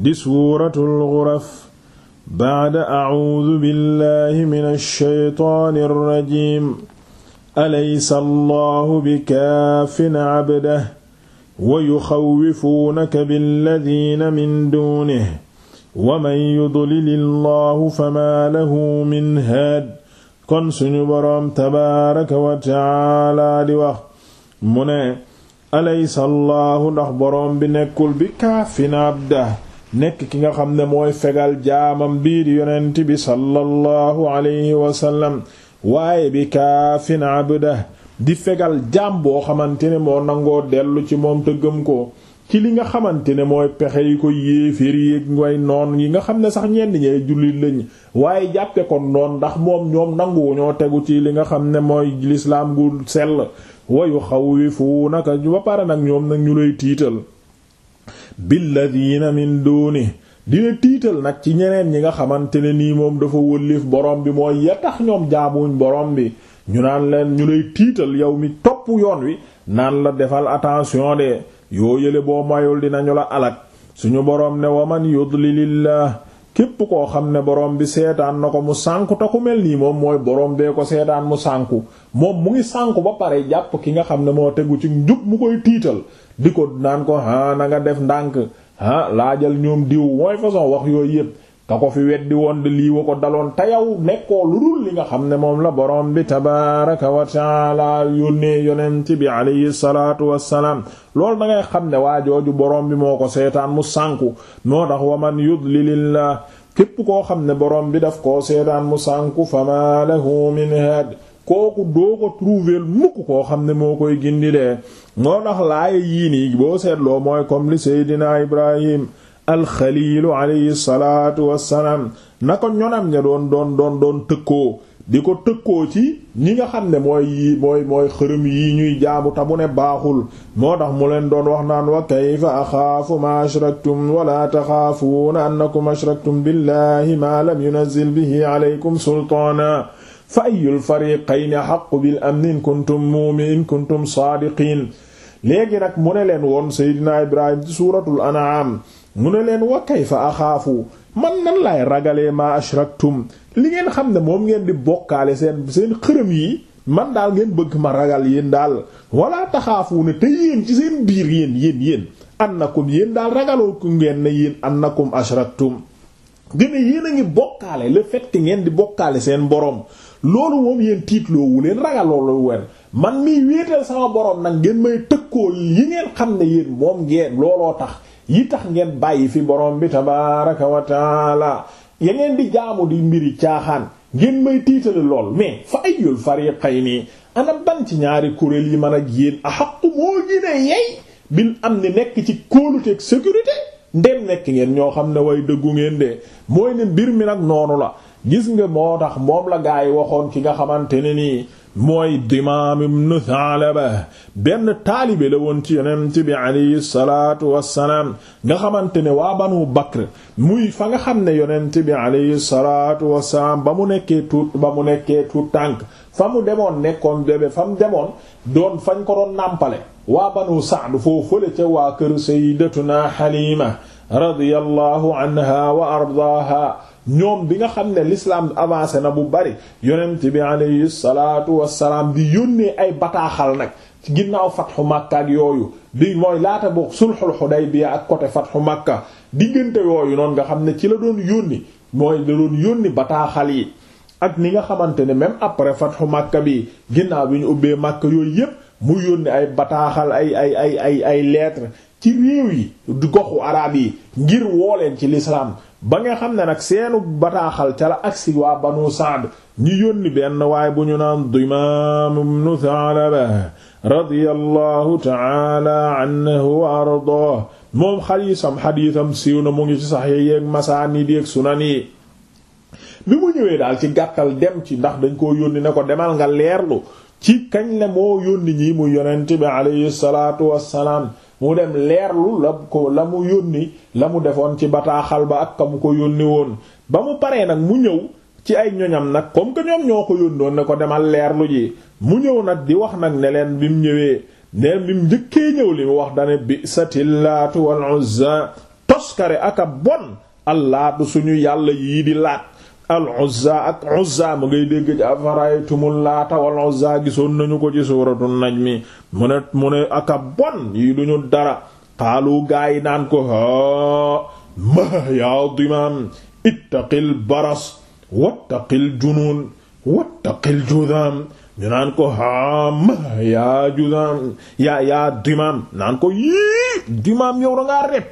di suuratul ghuraf ba'da a'uudu billahi minash shaytaanir rajiim alaysa allahu bikaafin abdahu wa yuxawwifuunaka billadiina min duunihi wa man yudlil allahu famaa lahu min haad kon suñu boroom tabaaraka wa ta'aala di wax mu ne alaysa allahu ndax boroom bi nekkul bikaafin abdahu nekk ki nga xam ne mooy fegal jaamam bii di yonent bi sallallahu alayhi wa sallam waaye bi kaafin abdah di fegal jaam boo xamante ne moo nangoo dellu ci moom te ko ci li nga xamante ne mooy pexe yi ko yéeféer yi ngoy noon yi nga xam ne sax ñenn ñee jullit lañ waaye jàppe ko noon ndax moom ñoom nanguwu ñoo tegu ci li nga xam ne mooy lislaam gu sell wayu xawifuunaka ba pare nag ñoom nag ñu lay tiital billadina min duuni dina tiital nag ci ñeneen ñi nga xamante ne nii moom dafa wëllif borom bi mooy ya tax ñoom jaamuñ borom bi ñu naan leen ñu lay tiital yow mi topp yoon wi naan la defal attention de yoo yële boo mayul dinañu la alak suñu borom ne waman yudlilillah képp koo xam ne borom bi seetaan na ko mu sànku te mel nii moom mooy borom bee ko seetaan mu sànku moom mu ngi sànku ba pare jàpp ki nga xam ne moo tegu ci njub mu koy tiital di ko naan ko ah na nga def ndànk ah laajal ñoom diw mooy façon wax yooyu yépp ka ko fi weddi woon de lii wa ko daloon te yow nekkoo lu dul li nga xam ne moom la borom bi tabaaraka wa taala yónnee yonent bi alayhi salaatu wassalaam lool da ngay xam ne waa jooju borom bi moo ko seetaan mu sànku noo tax wa man yudlilillah képp koo xam ne borom bi daf koo seetaan mu sànku fama lahu min kooku doo ko trouver mukk koo xam ne moo koy gindi dee moo tax laaya yii boo seetloo mooy kom li seydinaa ibrahim alxaliilu alayhi salaatu wassalaam na ko ñonam ña doon doon doon tëkkoo di ko tëkkoo ci ñi nga xam ne mooy yi mooy mooy xërëm yi ñuy jaamu ta ne baaxul moo tax mu leen doon wax naan wa kayfa axaafu ma ashraktum wala taxaafuuna annakum ashraktum billahi ma lam yunazil bihi alaykum sultaana fa ayyul fariqayni haqqu bil amni in kuntum mu'minin in kuntum saadiqiin léegi nag mu ne leen woon seydinaa ibrahim ci suuratul an'aam mu ne leen wa kayfa axaafu man nan laay ragalee maa ashraktum li ngeen xam ne moom ngeen di bokkaale seen seen xërëm yi man daal ngeen bëgg ma ragal yéen daal wala taxaafu ne te yéen ci seen biir yéen yéen yéen annakum yéen daal ragaloo ku ngeen ne yéen annakum ashraktum gëne yéen a ngi bokkaale le fait ngeen di bokkaale seen boroom loolu moom yéen tiitloowu leen ragaloo lu man miy wéetal sama borom nag ngeen may tëkkool yi ngeen xam ne yéen moom ngeen looloo tax yi tax ngeen bàyyi fi borom bi tabaaraka wa taala ya ngeen di jaamu di mbiri caaxaan ngeen may tiitale lool mais fa ayyul fariqayni ana ban ci ñaari kuréel yi man ak yéen a xaqu moo gine yey bin am ni nekk ci kóoluteeg sécurité ndem nekk ngeen ñoo xam ne way dëggu ngeen de mooy ne mbir mi nag noonu la gis nga moo tax moom la gaa yi waxoon ki nga xamante ne nii mooy Dimaam ibn Thaalaba benn taalibe la woon ci yonent bi alayhi salaatu wassalaam nga xamante ne waa Banu Bakr muy fa nga xam ne yonent bi alayhi salaatu wassalaam ba mu nekkee tuut ba mu nekkee tuut tànk fa mu demoon nekkoon bébé fa mu demoon doon fañ ko doon nàmpale waa Banu Sa'd foofu fële ca waa kër Sayyidatuna Halima radiyallahu anha wa ardaaha ñoom bi nga xam ne lislaam avancé na bu bari yonent bi alayhi salaatu wassalaam di yónnee ay bataaxal nag ci ginnaaw fatxu Makka yooyu di mooy laata boog sulxul Xudaybiya ak côté fatxu Makka diggante yooyu noonu nga xam ne ci la doon yónni mooy da doon yónni bataaxal yi ak ni nga xamante ne même après fatxu Makka bi ginnaaw bi ñu ubbee Makka yooyu yépp mu yónni ay bataaxal ay ay ay ay ay lettres ci réew yi goxu araab yi ngir woo ci lislaam ba nga xam ne nag seenu bataaxal ca la agsi waa banu saad ñu yónni benn waaye bu ñu naan dimaam ibnu thaalaba radiyallahu taala anhu wa ardaah moom xadiisam xadiisam siiw na mu ngi ci sax yeeg masaani di ak sunan yi mu ñëwee daal ci gàttal dem ci ndax dañ koo yónni na ko demal nga leerlu ci kañ la moo yónni ñi mu yonent bi alayhi salaatu wassalaam mu dem leerlu la ko la mu yónni la mu defoon ci bataaxal ba ak mu ko yónni woon ba mu paree nag mu ñëw ci ay ñoñam nag comme que ñoom ñoo ko yóndoon ne ko demal leerlu ji mu ñëw nag di wax nag ne leen bi mu ñëwee ne bi mu njëkkee ñëw li mu wax dane bi satillaatu wal uzza toskare a bon allaatu suñu yàlla yii di laat al Uzza ak Uzza mu ngay dégg ci afaraytumul laata wal Uzza gisoon nañu ko ci suuratu najmi mu ne aka bon yi duñu dara xaalu gaa naan ko haa ma yaa dimaam ittaqil baras wattaqil junuun wattaqil judaam ñu naan ko haa ma yaa judaam yaa yaa dimaam naan ko yii dimaam yow da rep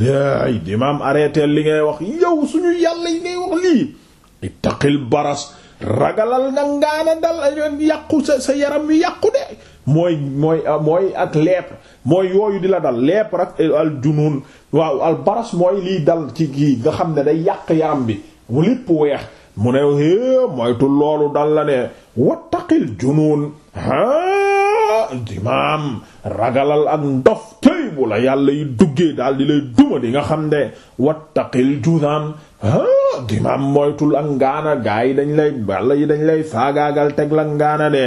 laay dimaam arrêté li ngay wax yow suñu yàlla yi ngay wax lii ittaqil baras ragalal nga ngaana dal yàqu sa sa yaram wi yàqu de mooy mooy ah, mooy ak lèpre mooy yooyu di la dal lèpre ak eh, al junun waaw al baras mooy liy dal ci kii nga xam ne day yàq yaram bi mu lépp weex mu ne é moytu loolu dal la ne wattaqil junun a dimaam ragalal ak ndof tey bu la yàlla yi duggee daal di lay duma di nga xam ne wattaqil junun dimaam moytul ak ngaana gaa yi dañ lay balla yi dañ lay faagaagal teg lan ngaana de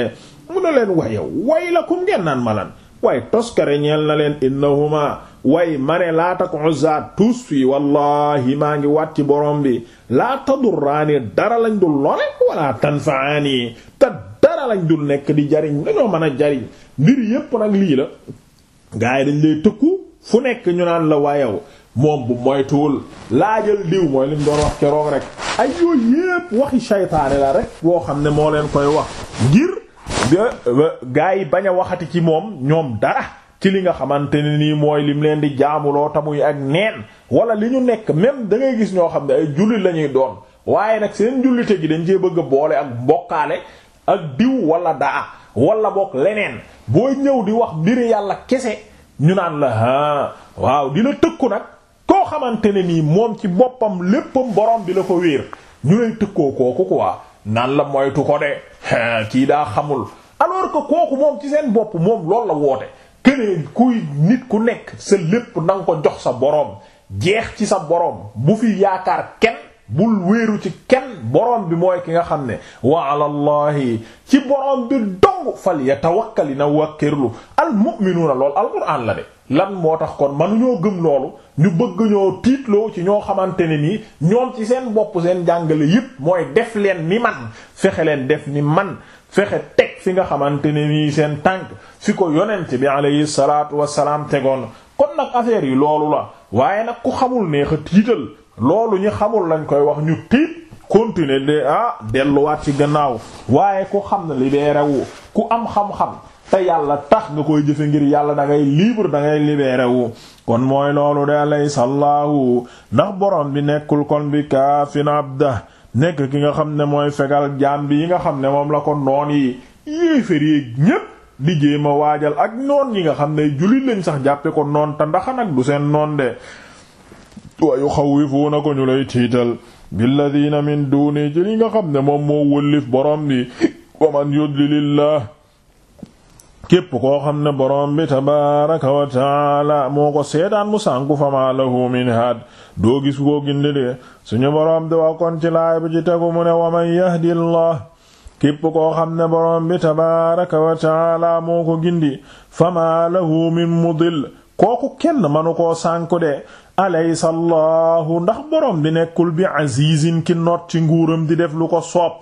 mu ne leen waye way la kum ma naan malan waaye toskare ñeel na leen innahuma way ma ne laatak uzza tuus fii wallahi maa ngi wàt ci borom bi laa tadurraani dara lañ dul lore wala tanfaani te dara lañ dul nekk di jariñ dañoo mën a jariñ mbir yépp nag lii la gaa dañ lay tëkku fu nekk ñu naan la wayew moom bu moytuwul laajal diw mooy lim doon wax keroog rek ay yooyu yépp waxi saytaane la rek boo xam ne moo leen koy wax ngir gaa yi bañ a waxati ci moom ñoom dara ci li nga xamante ne nii mooy lim leen di jaamuloo yi ak neen wala li ñu nekk même da ngay gis ñoo xam ne ay jullit la ñuy doon waaye nag seen jullite gi dañ cee bëgg a boole ak mbokkaale ak diw wala daa wala boog leneen booy ñëw di wax mbiri yàlla kese ñu naan la ah waaw dina tëkku nag. koo xamante ne nii moom ci boppam léppam boroom bi la ko wéer ñu lay tëkkoo kooku quoi naan la moytu ko de kii daa xamul alors que kooku moom ci seen bopp moom loolu la woote keneen kuy nit ku nekk sa lépp na ko jox sa boroom jeex ci sa borom bu fi yaakaar kenn. bul wéeru ci kenn borom bi mooy ki nga xam ne wa ala ci borom bi dong fal yatawakkali na wàkkirlu al mu'minuuna lool alquran la de lan moo tax kon mënuñoo gëm loolu ñu bëgg ñoo tiitloo ci ñoo xamante ne nii ñoom ci seen bopp seen jàngale yépp mooy def leen ni man fexe leen def ni man fexe teg fi nga xamante ne nii seen tànk fi ko yonent bi alayhi salaatu wassalaam tegoon kon nag affaire yi loolu la waaye nag ku xamul neex a tiital loolu ñi xamul lañ koy wax ñu tiit continuer de ah delluwaat ci gannaaw waaye ku xam ne libéré wu ku am xam-xam te yàlla tax nga koy jëfe ngir yàlla da ngay libre da ngay libéré kon mooy loolu de alaysa allahu ndax borom bi nekkul kon bi kaafin abda nekk ki nga xam ne mooy fegal jaam bi yi nga xam ne moom la ko noon yi yéefér yi ñépp di ma waajal ak noon yi nga xam ne jullit lañ sax jàppe ko noon te ndax nag du seen noon de wa yuxawwifuuna ko ñu billadiina min duuni ci xam ne moom moo wëllif borom bi wa man yudlilillah képp koo xam ne borom bi tabaaraka wa taala moo ko seedaan mu sànku fama lahu min haad doo gis gindi de suñu borom di waxoon ci laay bi ne wa man yahdi allah képp koo xam ne borom bi tabaaraka wa taala moo ko gindi fama lahu min mudil kooku kenn manu koo sànku de alaysa allahu ndax borom di nekkul bi azizin ki noot ci nguuram di def lu ko soob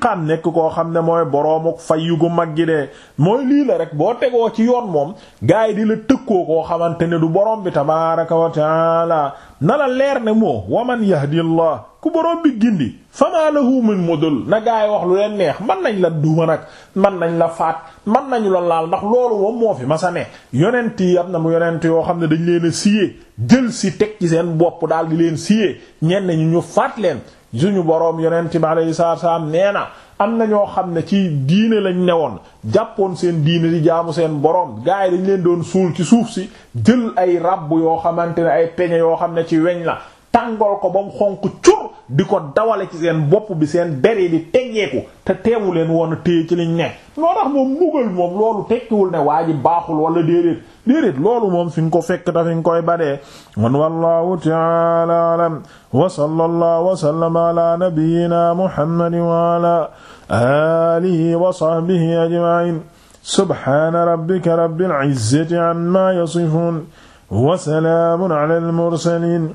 intiqaam nekk koo xam ne mooy boroomuk fayyu gu mag gi de mooy lii la rek boo tegoo ci yoon moom gars yi di la tëkkoo koo xamante ne du boroom bi tabaaraka wa taala na la leer ne moo waman yahdillah ku boroom bi gindi fama lahu min mudul na gars wax lu leen neex mën nañ la duma nag man nañ la faat mën nañu la laal ndax loolu moom moo fi masa ne yonent yi am na mu yonent yoo xam ne dañ leen a siyee jël si teg ci seen bopp daal di leen siyee ñenn ñu ñ faat leen suñu boroom yonent bi alayhi salaatu salaam nee na am na ñoo xam ne ci diine lañ newoon jàppoon seen diine di jaamu seen boroom gaa yi dañ leen doon suul ci suuf si jël ay rabb yoo xamante ne ay peñe yoo xam ne ci weñ la tàngool ko ba mu xonq cur di ko dawale ci seen bopp bi seen dere di teggeeku te teewu leen woon a téye ci liñ moom loolu tekkiwul ne waa baaxul wala déedéet déedéet loolu moom fi ko fekk ta fi nga koy badee man wallahu ta'ala alam wa sallallahu wa sallama ala nabiyyina muhammadin wa ala alihi wa sahbihi ajma'in subhana rabbika rabbil izzati amma yasifun wa salamun ala al mursalin